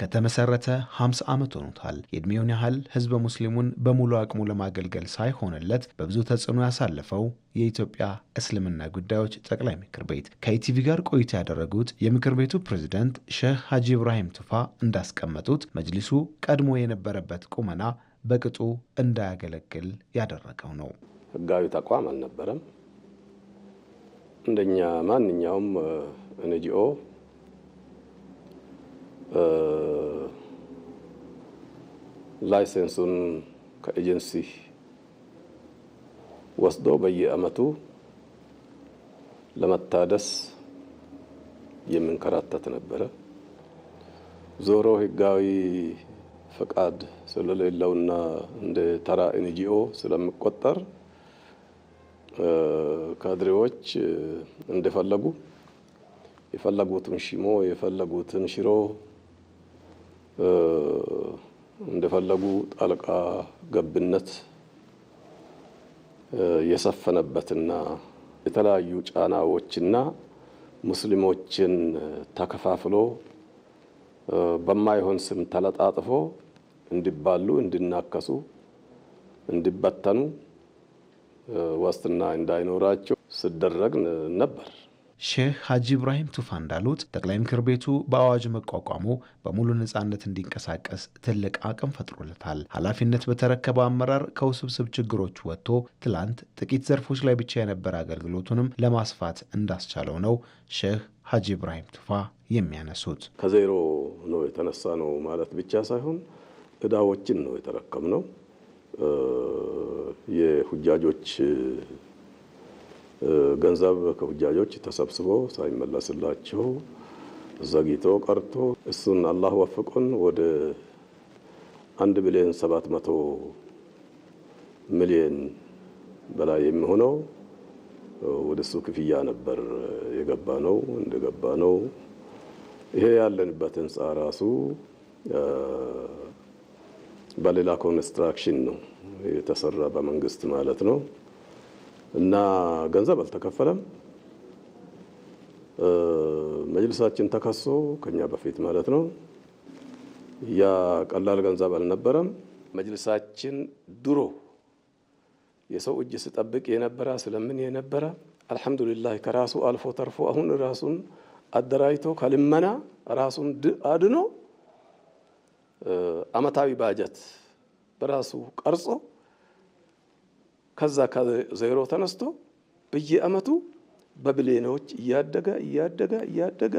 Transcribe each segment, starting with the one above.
ከተመሰረተ 50 ዓመት ሆኖታል። የዕድሜውን ያህል ህዝበ ሙስሊሙን በሙሉ አቅሙ ለማገልገል ሳይሆንለት በብዙ ተጽዕኖ ያሳለፈው የኢትዮጵያ እስልምና ጉዳዮች ጠቅላይ ምክር ቤት ከኢቲቪ ጋር ቆይታ ያደረጉት የምክር ቤቱ ፕሬዝዳንት ሼህ ሀጂ ኢብራሂም ቱፋ እንዳስቀመጡት መጅሊሱ ቀድሞ የነበረበት ቁመና በቅጡ እንዳያገለግል ያደረገው ነው። ህጋዊ ተቋም አልነበረም። እንደኛ ማንኛውም ኤንጂኦ ላይሰንሱን ከኤጀንሲ ወስዶ በየአመቱ ለመታደስ የምንከራተት ነበረ። ዞሮ ህጋዊ ፈቃድ ስለሌለውና እንደ ተራ ኤንጂኦ ስለሚቆጠር ካድሬዎች እንደፈለጉ የፈለጉትን ሽሞ የፈለጉትን ሽሮ እንደፈለጉ ጣልቃ ገብነት የሰፈነበትና የተለያዩ ጫናዎችና ሙስሊሞችን ተከፋፍሎ በማይሆን ስም ተለጣጥፎ እንዲባሉ፣ እንዲናከሱ፣ እንዲበተኑ ዋስትና እንዳይኖራቸው ሲደረግ ነበር። ሼህ ሀጂ ኢብራሂም ቱፋ እንዳሉት ጠቅላይ ምክር ቤቱ በአዋጅ መቋቋሙ በሙሉ ነፃነት እንዲንቀሳቀስ ትልቅ አቅም ፈጥሮለታል። ኃላፊነት በተረከበ አመራር ከውስብስብ ችግሮች ወጥቶ ትላንት ጥቂት ዘርፎች ላይ ብቻ የነበረ አገልግሎቱንም ለማስፋት እንዳስቻለው ነው ሼህ ሀጂ ኢብራሂም ቱፋ የሚያነሱት። ከዜሮ ነው የተነሳ ነው ማለት ብቻ ሳይሆን እዳዎችን ነው የተረከም ነው የሁጃጆች ገንዘብ ከውጃጆች ተሰብስቦ ሳይመለስላቸው ዘግይቶ ቀርቶ እሱን አላህ ወፍቆን ወደ አንድ ቢሊዮን ሰባት መቶ ሚሊዮን በላይ የሚሆነው ወደ እሱ ክፍያ ነበር የገባ ነው እንደገባ ነው። ይሄ ያለንበት ህንፃ ራሱ በሌላ ኮንስትራክሽን ነው የተሰራ በመንግስት ማለት ነው። እና ገንዘብ አልተከፈለም። መጅልሳችን ተከሶ ከኛ በፊት ማለት ነው። ያ ቀላል ገንዘብ አልነበረም። መጅልሳችን ድሮ የሰው እጅ ስጠብቅ የነበረ ስለምን የነበረ አልሐምዱሊላህ ከራሱ አልፎ ተርፎ አሁን ራሱን አደራጅቶ ከልመና ራሱን አድኖ አመታዊ ባጀት በራሱ ቀርጾ ከዛ ከዜሮ ተነስቶ በየአመቱ በብሌኖች እያደገ እያደገ እያደገ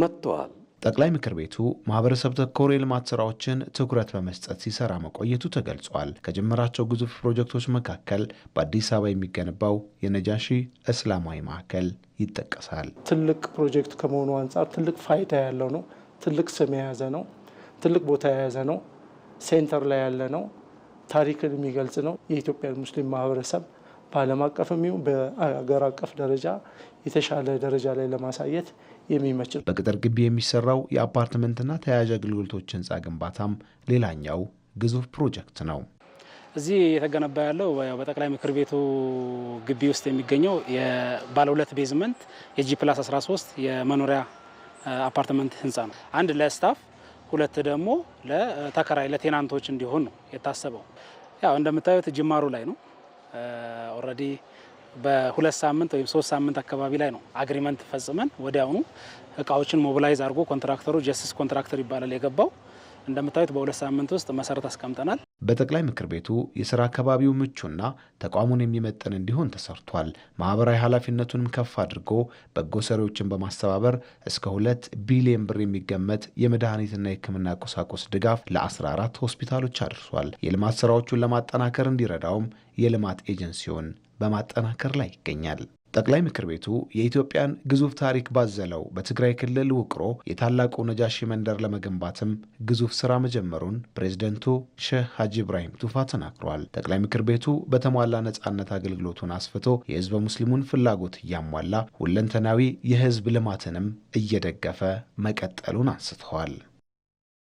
መጥተዋል። ጠቅላይ ምክር ቤቱ ማህበረሰብ ተኮር የልማት ስራዎችን ትኩረት በመስጠት ሲሰራ መቆየቱ ተገልጿል። ከጀመራቸው ግዙፍ ፕሮጀክቶች መካከል በአዲስ አበባ የሚገነባው የነጃሺ እስላማዊ ማዕከል ይጠቀሳል። ትልቅ ፕሮጀክት ከመሆኑ አንጻር ትልቅ ፋይዳ ያለው ነው። ትልቅ ስም የያዘ ነው። ትልቅ ቦታ የያዘ ነው። ሴንተር ላይ ያለ ነው። ታሪክን የሚገልጽ ነው። የኢትዮጵያ ሙስሊም ማህበረሰብ በዓለም አቀፍ የሚሆን በአገር አቀፍ ደረጃ የተሻለ ደረጃ ላይ ለማሳየት የሚመች ነው። በቅጥር ግቢ የሚሰራው የአፓርትመንትና ተያያዥ አገልግሎቶች ህንፃ ግንባታም ሌላኛው ግዙፍ ፕሮጀክት ነው። እዚህ የተገነባ ያለው በጠቅላይ ምክር ቤቱ ግቢ ውስጥ የሚገኘው ሁለት ቤዝመንት የጂ ፕላስ 13 የመኖሪያ አፓርትመንት ህንፃ ነው። አንድ ለስታፍ ሁለት ደግሞ ለተከራይ ለቴናንቶች እንዲሆን ነው የታሰበው። ያው እንደምታዩት ጅማሩ ላይ ነው። ኦልሬዲ በሁለት ሳምንት ወይም ሶስት ሳምንት አካባቢ ላይ ነው አግሪመንት ፈጽመን ወዲያውኑ እቃዎችን ሞቢላይዝ አድርጎ ኮንትራክተሩ ጀስቲስ ኮንትራክተር ይባላል የገባው። እንደምታዩት በሁለት ሳምንት ውስጥ መሰረት አስቀምጠናል። በጠቅላይ ምክር ቤቱ የስራ አካባቢው ምቹና ተቋሙን የሚመጥን እንዲሆን ተሰርቷል። ማህበራዊ ኃላፊነቱንም ከፍ አድርጎ በጎ ሰሪዎችን በማስተባበር እስከ ሁለት ቢሊዮን ብር የሚገመት የመድኃኒትና የሕክምና ቁሳቁስ ድጋፍ ለ14 ሆስፒታሎች አድርሷል። የልማት ሥራዎቹን ለማጠናከር እንዲረዳውም የልማት ኤጀንሲውን በማጠናከር ላይ ይገኛል። ጠቅላይ ምክር ቤቱ የኢትዮጵያን ግዙፍ ታሪክ ባዘለው በትግራይ ክልል ውቅሮ የታላቁ ነጃሺ መንደር ለመገንባትም ግዙፍ ስራ መጀመሩን ፕሬዝደንቱ ሼህ ሀጂ ኢብራሂም ቱፋ ተናግረዋል። ጠቅላይ ምክር ቤቱ በተሟላ ነጻነት አገልግሎቱን አስፍቶ የህዝበ ሙስሊሙን ፍላጎት እያሟላ ሁለንተናዊ የህዝብ ልማትንም እየደገፈ መቀጠሉን አንስተዋል።